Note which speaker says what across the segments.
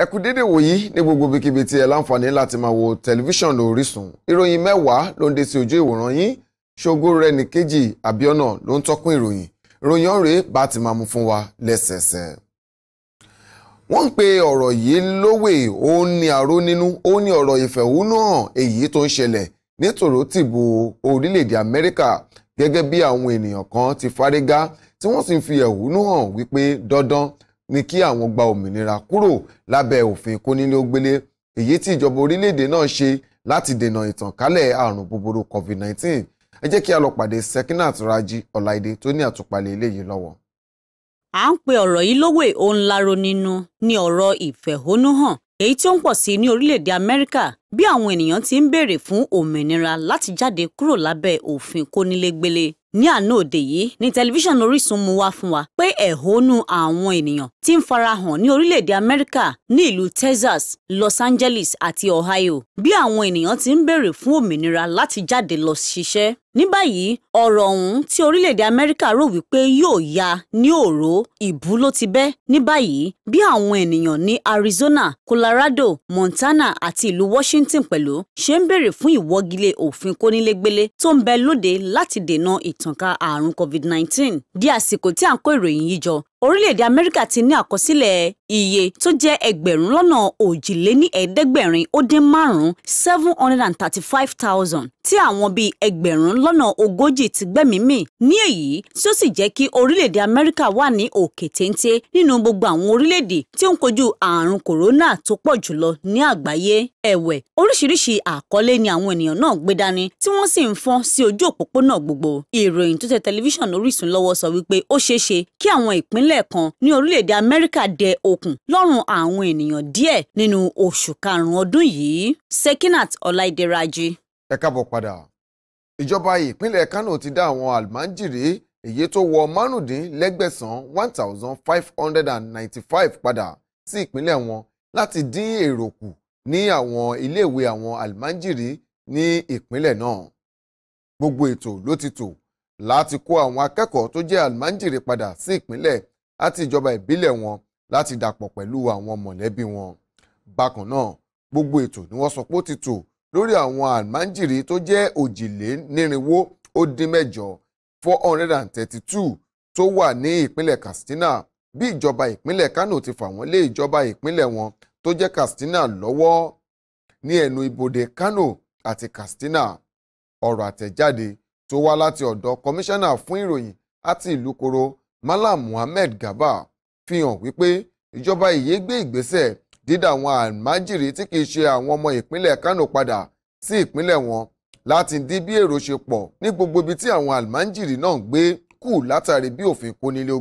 Speaker 1: ẹ kú dédé wòyí ní gbogbo ibikíbi tí ẹ láǹfààní láti máa wo tẹlifíṣàn Orísun ìròyìn mẹ́wàá ló ń dé sí ojú ìwòran yín ṣògo rẹ nìkejì àbíọ́nà ló ń tọ́kùn ìròyìn ìròyìn ọ̀rẹ́ bá ti máa mú fún wa lẹ́sẹẹsẹ. wọ́n ń pe ọ̀rọ̀ yìí lówè ó ní àró nínú ó ní ọ̀rọ̀ ìfẹ̀hónúhàn èyí tó ń ṣẹlẹ̀ nítorò tìbò orílẹ̀-èdè Amẹ́ríkà gẹ́gẹ́ bí àwọn ènìyàn kan ti fárígá tí wọ́n sì ń fi ẹ̀hónú wípé dandan ní kí àwọn gba òmìnira kúrò lábẹ́ òfin kónílé-ó-gbélé èyí tí ìjọba orílẹ̀-èdè náà ṣe láti dènà ìtànkálẹ̀ àrùn búburú covid-19 ẹ jẹ́ kí a lọ pàdé Sekinat Raji Ọláìdé tó ní àtúpalẹ̀ eléyìí lọ́wọ́.
Speaker 2: à ń pe ọ̀rọ̀ yìí lówè òun láró nínú ní ọ̀rọ̀ ìfẹ̀hónúhàn èyí tí ó ń pọ̀ sí ní orílẹ̀-èdè Amẹ́ríkà bí àwọn ènìyàn ti ń béèrè fún òmìnira láti jáde kúrò lábẹ́ òfin kónílégbélé ní àná òde yìí ni tẹlifíṣàn Orísun mú wá fún wa pé ẹ̀hónú àwọn ènìyàn ti ń farahàn ní orílẹ̀-èdè Amẹ́ríkà ní ìlú Texas, Los Angeles àti Ohio bí àwọn ènìyàn ti ń béèrè fún òmìnira láti jáde lọ ṣiṣẹ́ ní báyìí ọ̀rọ̀ ọ̀hún tí orílẹ̀-èdè amẹ́ríkà rò wípé yóò ya ní òró ìbú ló ti bẹ́ ní báyìí bí àwọn ènìyàn ní arizona colorado montana àti ìlú washington pẹ̀lú ṣe ń béèrè fún ìwọ́gilé òfin kónílégbélé tó ń bẹ lóde láti dènà ìtànká àrùn covid-19 di àsìkò tí à ń kó ìròyìn yìí jọ orílẹ̀-èdè amẹ́ríkà ti ní àkọsílẹ̀ iye tó jẹ́ ẹgbẹ̀rún lọ́nà òjìléní ẹ̀ẹ́dẹ́gbẹ̀rin ó dín márùn-ún seven hundred and thirty-five thousand tí àwọn bíi ẹgbẹ̀rún lọ́nà ogójì ti gbẹ́mìímì ní èyí tí ó sì jẹ́ kí orílẹ̀-èdè amẹ́ríkà wà ní òkè téńté nínú gbogbo àwọn orílẹ̀-èdè tí ó ń kojú àrùn kòrónà tó pọ̀ jùlọ ní àgbáyé ẹ̀wẹ̀ oríṣiríṣi àkọlé ni àwọn ènìyàn náà gbé dání tí wọ́n sì ń fọ́n sí ojú òpópónà gbogbo ìròyìn tó tẹ tẹlifíṣàn Orísun lọ́wọ́ sọ wípé ó ṣeé ṣe kí àwọn ìpínlẹ̀ ìpínlẹ̀ kan ní orílẹ̀-èdè Amẹ́ríkà dẹ okùn lọ́rùn àwọn ènìyàn díẹ̀ nínú oṣù karùn-ún ọdún yìí Sekinat Ọláìdẹ́rajì.
Speaker 1: ẹ káàbọ̀ padà ìjọba ìpínlẹ̀ Kánò ti dá àwọn àlùmájìrì èyí tó wọ márùndínlẹ́gbẹ̀sán one thousand five hundred and ninety-five padà sí ìpínlẹ̀ wọn láti dín èrò kù ní àwọn iléèwé àwọn àlùmájìrì ní ìpínlẹ̀ náà gbogbo ètò ló ti tò láti kó àwọn akẹ́kọ̀ọ́ tó jẹ́ àlùmájìrì padà sí ìpínlẹ̀ àti ìjọba ìbílẹ̀ wọn láti dàpọ̀ pẹ̀lú àwọn mọ̀lẹ́bí wọn. bákan náà gbogbo ètò ni wọ́n sọ pé ó ti tò lórí àwọn àlmájìrì tó jẹ́ òjìlénírínwó ó dín mẹ́jọ four hundred and thirty two tó wà ní ìpínlẹ̀ Katsina bí ìjọba ìpínlẹ̀ Kano ti fà wọ́n lé ìjọba ìpínlẹ̀ wọn tó jẹ́ Katsina lọ́wọ́ ní ẹnu ibodè Kano àti Katsina ọ̀rọ̀ àtẹ̀jáde tó wá láti ọ̀dọ̀ kọmíṣánná fún ìròyìn àti ìlúkoro Malam Muhammad Gaba fi hàn wípé ìjọba ìyè gbé ìgbésẹ̀ dídá àwọn àmájìrì tí kìí ṣe àwọn ọmọ ìpínlẹ̀ Kánò padà sí ìpínlẹ̀ wọn láti dín bí èrò ṣe pọ̀ ní gbogbo ibi tí àwọn àmájìrì náà ń gbé kù látàrí bí òfin kónílé ó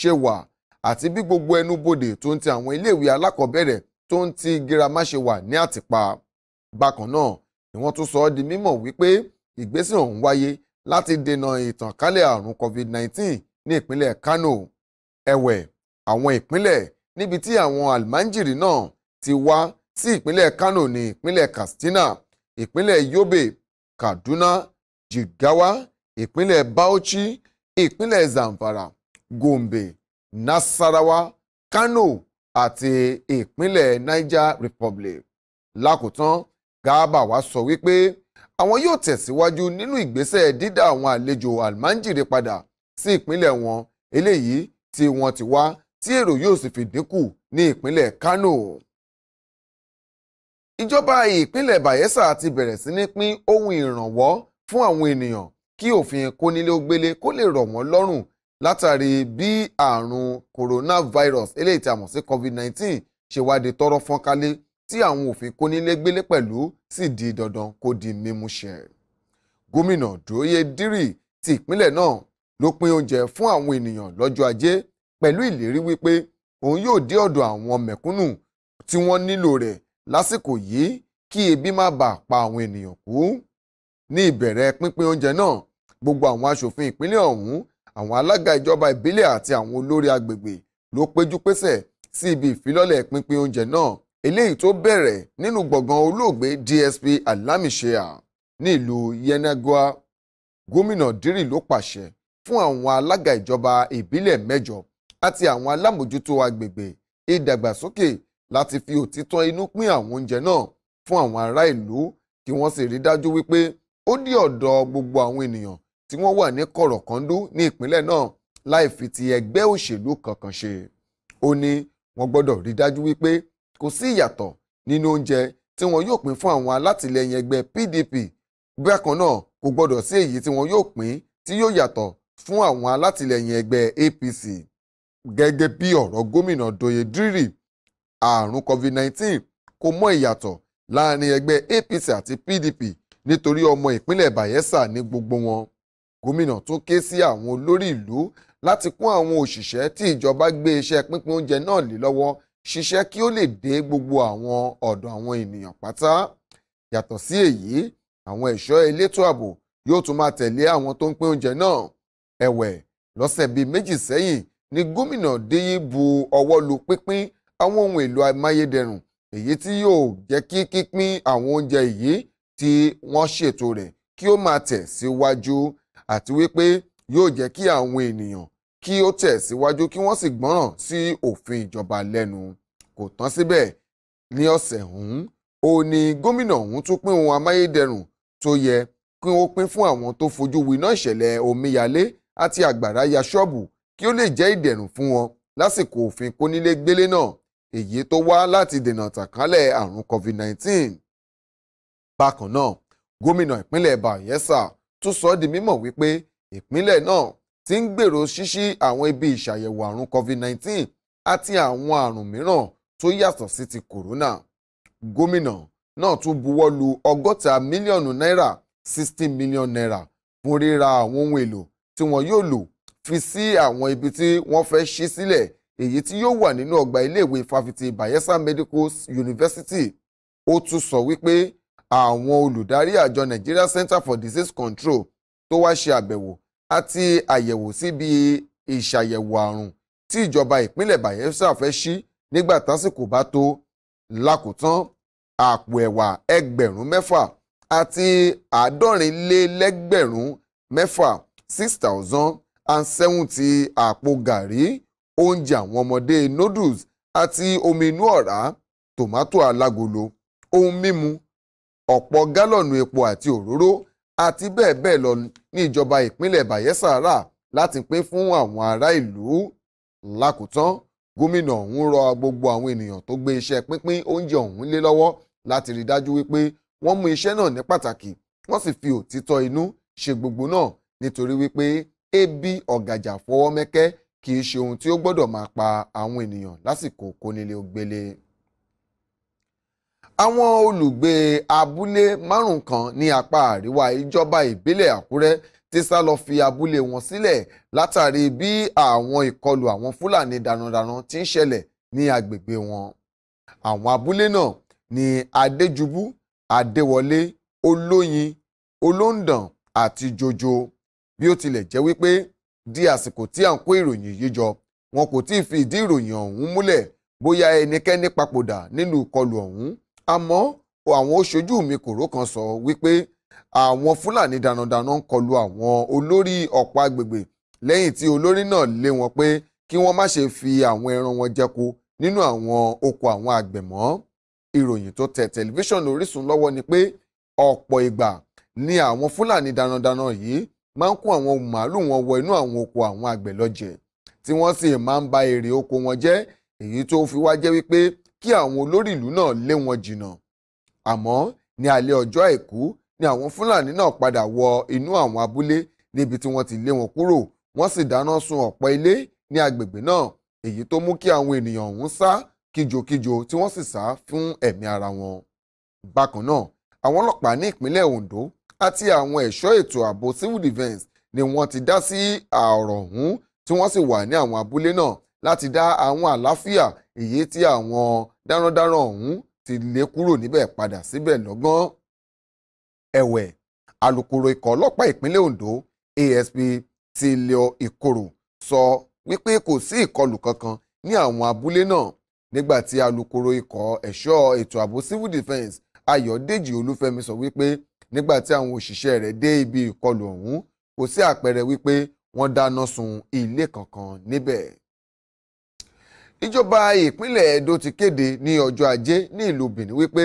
Speaker 1: ṣe wà àti bí gbogbo ẹnubodè tó ń ti àwọn iléèwé alákọ̀ọ́bẹ̀rẹ̀ tó ń ti girama ṣe wà ní àtìpa bákan náà ni wọ́n tún sọ ọ́ di mímọ̀ wípé ìgbésẹ̀ ọ̀hún wáyé láti dènà ìtànkálẹ̀ àrùn COVID-19 ní ìpínlẹ̀ Kano ẹ̀wẹ̀ àwọn ìpínlẹ̀ níbi tí àwọn almanjiri náà ti wá sí ìpínlẹ̀ Kano ní ìpínlẹ̀ Katsina ìpínlẹ̀ Yobe Kaduna Jigawa ìpínlẹ̀ Bauchi ìpínlẹ̀ Zamfara Gombe Nasarawa Kano àti ìpínlẹ̀ Niger Republic lákòótán Garba wá sọ wípé àwọn yóò tẹ̀síwájú nínú ìgbésẹ̀ dídá àwọn àlejò almanjiri padà sí ìpínlẹ̀ wọn eléyìí tí wọ́n ti wá tí èrò yóò sì fi dínkù ní ìpínlẹ̀ Kánò. Ìjọba ìpínlẹ̀ Bayelsa ti bẹ̀rẹ̀ sí ní pín ohun ìrànwọ́ fún àwọn ènìyàn kí òfin kónílé-ó-gbélé kó lè rọ̀ wọ́n lọ́rùn látàrí bí àrùn coronavirus eléyìí tí a mọ̀ sí COVID-19 ṣe wá di tọ́rọ́ fọ́n kálé tí àwọn òfin kónílé-gbélé pẹ̀lú sì di dandan kó di mímúṣẹ. Gómìnà Dóyè Dírì ti ìpínlẹ̀ náà ló pín oúnjẹ fún àwọn ènìyàn lọ́jọ́ ajé pẹ̀lú ìlérí wípé òun yóò dé ọ̀dọ̀ àwọn mẹ̀kúnnù tí wọ́n nílò rẹ̀ lásìkò yìí kí ebi má bàa pa àwọn ènìyàn kú. ní ìbẹ̀rẹ̀ pínpín oúnjẹ náà gbogbo àwọn aṣòfin ìpínlẹ̀ ọ̀hún àwọn alága ìjọba ìbílẹ̀ àti àwọn olórí agbègbè ló péjú pésẹ̀ sí ibi ìfilọ́lẹ̀ pínpín oúnjẹ náà eléyìí tó bẹ̀rẹ̀ nínú gbọ̀ngàn olóògbé DSP Alami Shea ní Yenagoa gómìnà Dírì ló pàṣẹ fún àwọn alága ìjọba ìbílẹ̀ mẹ́jọ àti àwọn alámòjútó agbègbè ìdàgbàsókè láti fi òtítọ́ inú pín àwọn oúnjẹ náà fún àwọn ará ìlú kí wọ́n sì rí dájú wípé ó dé ọ̀dọ̀ gbogbo àwọn ènìyàn tí wọ́n wà ní kọ̀rọ̀kọ́ndú ní ìpínlẹ̀ náà láì fi ti ẹgbẹ́ òṣèlú kankan ṣe. ó ní wọ́n gbọ́dọ̀ rí dájú wípé kò sí ìyàtọ̀ nínú oúnjẹ tí wọn yóò pín fún àwọn alátìlẹyìn ẹgbẹ́ PDP bákan náà kò gbọ́dọ̀ sí èyí tí wọn yóò pín tí yóò yàtọ̀ fún àwọn alátìlẹyìn ẹgbẹ́ APC gẹ́gẹ́ bí ọ̀rọ̀ gómìnà Doyediri àrùn COVID-19 kò mọ ìyàtọ̀ láàrin ẹgbẹ́ APC àti PDP nítorí ọmọ ìpínlẹ̀ Bayelsa ní gbogbo wọn gómìnà tún ké sí àwọn olórí ìlú láti kún àwọn òṣìṣẹ́ tí ìjọba gbé iṣẹ́ pínpín oúnjẹ náà lé lọ́wọ́ ṣiṣẹ́ kí ó lè dé gbogbo àwọn ọ̀dọ̀ àwọn ènìyàn pátá yàtọ̀ sí èyí àwọn ẹ̀ṣọ́ elétò ààbò yóò tún máa tẹ̀lé àwọn tó ń pín oúnjẹ náà ẹ̀wẹ̀ lọ́sẹ̀ bíi méjì sẹ́yìn ni gómìnà Déyí bu ọwọ́ lu pínpín àwọn ohun èlò amáyédẹrùn èyí tí yóò jẹ́ kí pínpín àwọn oúnjẹ yìí tí wọ́n ṣètò rẹ̀ kí ó máa tẹ̀ síwájú àti wípé yóò jẹ́ kí àwọn ènìyàn kí ó tẹ̀ síwájú kí wọ́n sì gbọ́ràn sí òfin ìjọba lẹ́nu kò tán síbẹ̀ ní ọ̀sẹ̀ ọ̀hún ó ní gómìnà ọ̀hún tún pín ohun amáyédẹrùn tó yẹ kí wọ́n pín fún àwọn tó fojú winá ìṣẹ̀lẹ̀ omíyalé àti àgbàrá ya ṣọ́ọ̀bù kí ó lè jẹ́ ìdẹ̀rùn fún wọn lásìkò òfin kónílégbélé náà èyí tó wá láti dènà tàkálẹ̀ àrùn COVID-19. bákan náà gómìnà ìpínlẹ̀ Bayelsa tún sọ di mímọ̀ wípé ìpínlẹ̀ náà ti ń gbèrò ṣíṣí àwọn ibi ìṣàyẹ̀wò àrùn COVID-19 àti àwọn àrùn mìíràn tó yàtọ̀ sí ti corona. gómìnà náà tún buwọ́ lu ọgọ́ta mílíọ̀nù náírà sixty million naira fún ríra àwọn ohun èlò tí wọn yóò lò fi sí àwọn ibi tí wọ́n fẹ́ ṣí sílẹ̀ èyí tí yóò wà nínú ọgbà iléèwé fáfitì Bayelsa Medical University ó tún sọ wípé àwọn olùdarí àjọ Nigeria Center for Disease Control tó wá ṣe àbẹ̀wò àti àyẹ̀wò síbi ìṣàyẹ̀wò àrùn tí ìjọba ìpínlẹ̀ Bayelsa fẹ́ ṣí nígbà tásìkò bá tó lákòótán àpò ẹ̀wà ẹgbẹ̀rún mẹ́fà àti àádọ́rin lé lẹ́gbẹ̀rún mẹ́fà six thousand and seventy àpò gàrí oúnjẹ àwọn ọmọdé noodles àti omi inú ọ̀rá tòmátò alágolo ohun mímu ọ̀pọ̀ gálọ̀nù epo àti òróró àti bẹ́ẹ̀ bẹ́ẹ̀ lọ ní ìjọba ìpínlẹ̀ Bayelsa rà láti pín fún àwọn ará ìlú lákòótán gómìnà ọ̀hún rọ gbogbo àwọn ènìyàn tó gbé iṣẹ́ pínpín oúnjẹ ọ̀hún lé lọ́wọ́ láti rí dájú wípé wọ́n mú iṣẹ́ náà ní pàtàkì wọ́n sì fi òtítọ́ inú ṣe gbogbo náà nítorí wípé ebi ọ̀gàjà fọwọ́ mẹ́kẹ́ kì í ṣe ohun tí ó gbọ́dọ̀ máa pa àwọn ènìyàn lásìkò kónílé-ó-gbélé. àwọn olùgbé abúlé márùn kan ní apá àríwá ìjọba ìbílẹ̀ àkúrẹ́ ti sá lọ fi abúlé wọn sílẹ̀ látàrí bí àwọn ìkọlù àwọn fúlàní darandaran ti ń ṣẹlẹ̀ ní agbègbè wọn. àwọn abúlé náà ni adéjubú adéwọlé olóyin olóńdàn àti jojo bí ó tilẹ̀ jẹ́ wípé di àsìkò tí à ń kó ìròyìn yìí jọ wọn kò tí ì fi ìdí ìròyìn ọ̀hún múlẹ̀ bóyá ẹnikẹ́ni papòdà nínú ìkọlù ọ̀hún àmọ́ àwọn oṣojú mi kòró kan sọ wípé àwọn fúlàní darandaran ń kọlù àwọn olórí ọ̀pọ̀ agbègbè lẹ́yìn tí olórí náà lé wọn pé kí wọ́n má ṣe fi àwọn ẹran wọn jẹko nínú àwọn oko àwọn àgbẹ̀ ìròyìn tó tẹ̀ tẹlifíṣàn Orísun lọ́wọ́ ni pé ọ̀pọ̀ ìgbà ni àwọn fúlàní darandaran yìí máa ń kó àwọn màálù wọn wọ inú àwọn oko àwọn àgbẹ̀ lọ jẹ tí wọ́n sì máa ń ba èrè oko wọn jẹ́ èyí tó fi wá jẹ́ wípé kí àwọn olórí ìlú náà lé wọn jìnnà àmọ́ ní alẹ́ ọjọ́ àìkú ni àwọn fúlàní náà padà wọ inú àwọn abúlé níbi tí wọ́n ti lé wọn kúrò wọ́n sì dáná sun ọ̀pọ̀ ilé ní agbègbè náà èyí tó mú kí àwọn ènìyàn ọ̀hún sá kíjokíjo tí wọ́n sì sá fún ẹ̀mí ara wọn. bákan náà àwọn ọlọ́pàá ní ìpínlẹ̀ Ondo àti àwọn ẹ̀ṣọ́ ètò ààbò civil defence ni wọ́n ti dá sí ọ̀rọ̀ ọ̀hún tí wọ́n sì wà ní àwọn abúlé náà láti dá àwọn àlàáfíà èyí tí àwọn darandaran ọ̀hún ti lé kúrò níbẹ̀ padà síbẹ̀ lọ́gán. ẹ̀wẹ̀ alukoro ikọ̀ ọlọ́pàá ìpínlẹ̀ Ondo ASP Tìlẹ̀ Ìkorò sọ wípé kò sí ìkọlù kankan ní àwọn abúlé náà nígbà tí ikọ̀ ẹ̀ṣọ́ ètò ààbò civil defence Ayọ̀dèjì Olúfẹ́mi sọ wípé nígbà tí àwọn òṣìṣẹ́ rẹ̀ dé ibi ìkọlù ọ̀hún kò sí àpẹẹrẹ wípé wọ́n dáná sun ilé kankan níbẹ̀. ìjọba ìpínlẹ̀ Ẹdó ti kéde ní ọjọ́ ajé ní ìlú Benin wípé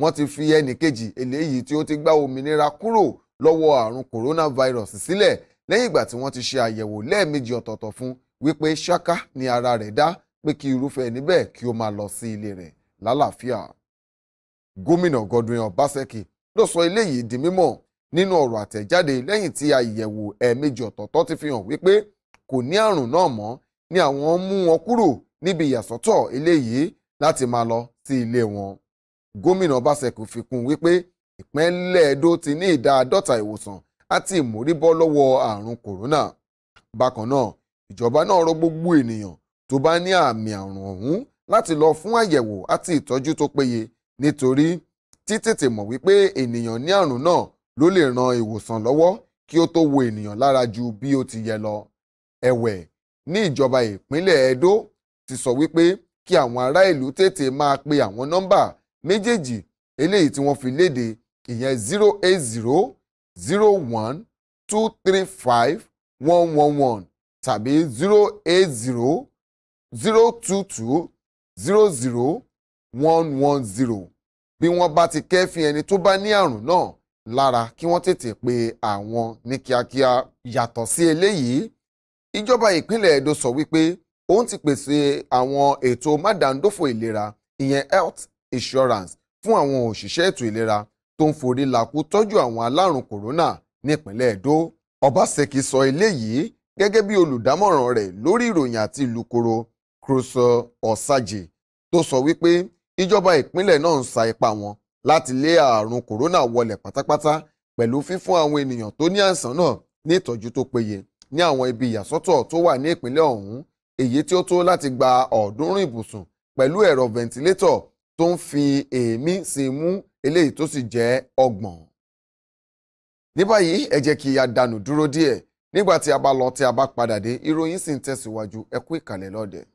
Speaker 1: wọ́n ti fi ẹnì kejì eléyìí tí ó ti gba òmìnira kúrò lọ́wọ́ àrùn coronavirus sílẹ̀ lẹ́yìn ìgbà tí wọ́n ti ṣe àyẹ̀wò lẹ́ẹ̀mejì ọ̀tọ̀ọ̀tọ̀ fún wípé ṣáká ni ara rẹ̀ dá pé kí irúfẹ́ ẹni bẹ́ẹ̀ kí ó máa lọ sí ilé rẹ̀ lálàáfíà. gómìnà Godwin Obaseki ló sọ eléyìí di mímọ̀ nínú ọ̀rọ̀ àtẹ̀jáde lẹ́yìn tí àyẹ̀wò ẹ̀ẹ̀mejì ọ̀tọ̀ọ̀tọ̀ ti fi hàn wípé kò ní àrùn náà mọ́ ni àwọn mú wọn kúrò níbi ìyàsọ́tọ̀ eléyìí láti máa lọ sí ilé wọn. gómìnà Ọbaṣẹ́kùn fi kún wípé ìpínlẹ̀ Ẹdó ti ní ìdá àádọ́ta ìwòsàn àti ìmúríbọ́ lọ́wọ́ àrùn kòrónà. bákan náà ìjọba náà rọ gbogbo ènìyàn tó bá ní àmì àrùn ọ̀hún láti lọ fún àyẹ̀wò àti ìtọ́jú tó péye nítorí títètè mọ̀ wípé ènìyàn ní àrùn náà ló lè ran ìwòsàn lọ́wọ́ kí ó tó wo ènìyàn lára ju bí ó ti yẹ lọ. ẹ̀wẹ̀ ní ìjọba ìpínlẹ̀ Edo ti sọ wípé kí àwọn ará ìlú tètè máa pe àwọn nọ́mbà méjèèjì eléyìí tí wọ́n fi léde ìyẹn zero eight zero zero one two three five one one one tàbí zero eight zero zero two two zero zero one one zero bí wọ́n bá ti kẹ́fìn ẹni tó bá ní àrùn náà lára kí wọ́n tètè pe àwọn ní kíákíá yàtọ̀ sí eléyìí ìjọba ìpínlẹ̀ Edo sọ wípé òun ti pèsè àwọn ètò mádàndófò ìlera ìyẹn health insurance fún àwọn òṣìṣẹ́ ètò ìlera tó ń forí lakú tọ́jú àwọn alárùn kòrónà nípínlẹ̀ Edo Obaseki sọ eléyìí gẹ́gẹ́ bí olùdámọ̀ràn rẹ̀ lórí ìròyìn àti ìlúkoro Crusoe Osaje tó sọ wípé ìjọba ìpínlẹ̀ náà ń sa ipá wọn láti lé àrùn kòrónà wọlẹ̀ pátápátá pẹ̀lú fífún àwọn ènìyàn tó ní àìsàn náà ní ìtọ́jú tó péye ní àwọn ibi ìyàsọ́tọ̀ tó wà ní ìpínlẹ̀ ọ̀hún èyí tí ó tó láti gba ọ̀ọ́dúnrún ìbùsùn pẹ̀lú ẹ̀rọ ventilator tó ń fi èémí sí i mú eléyìí tó sì jẹ́ ọgbọ̀n. ní báyìí ẹ jẹ́ kí a dànù dúró díẹ̀ nígbà tí a bá lọ tí a bá padà dé ìròyìn sì ń tẹ̀síwájú ẹ kú ìkàlẹ̀ lọ́dẹ̀ẹ́.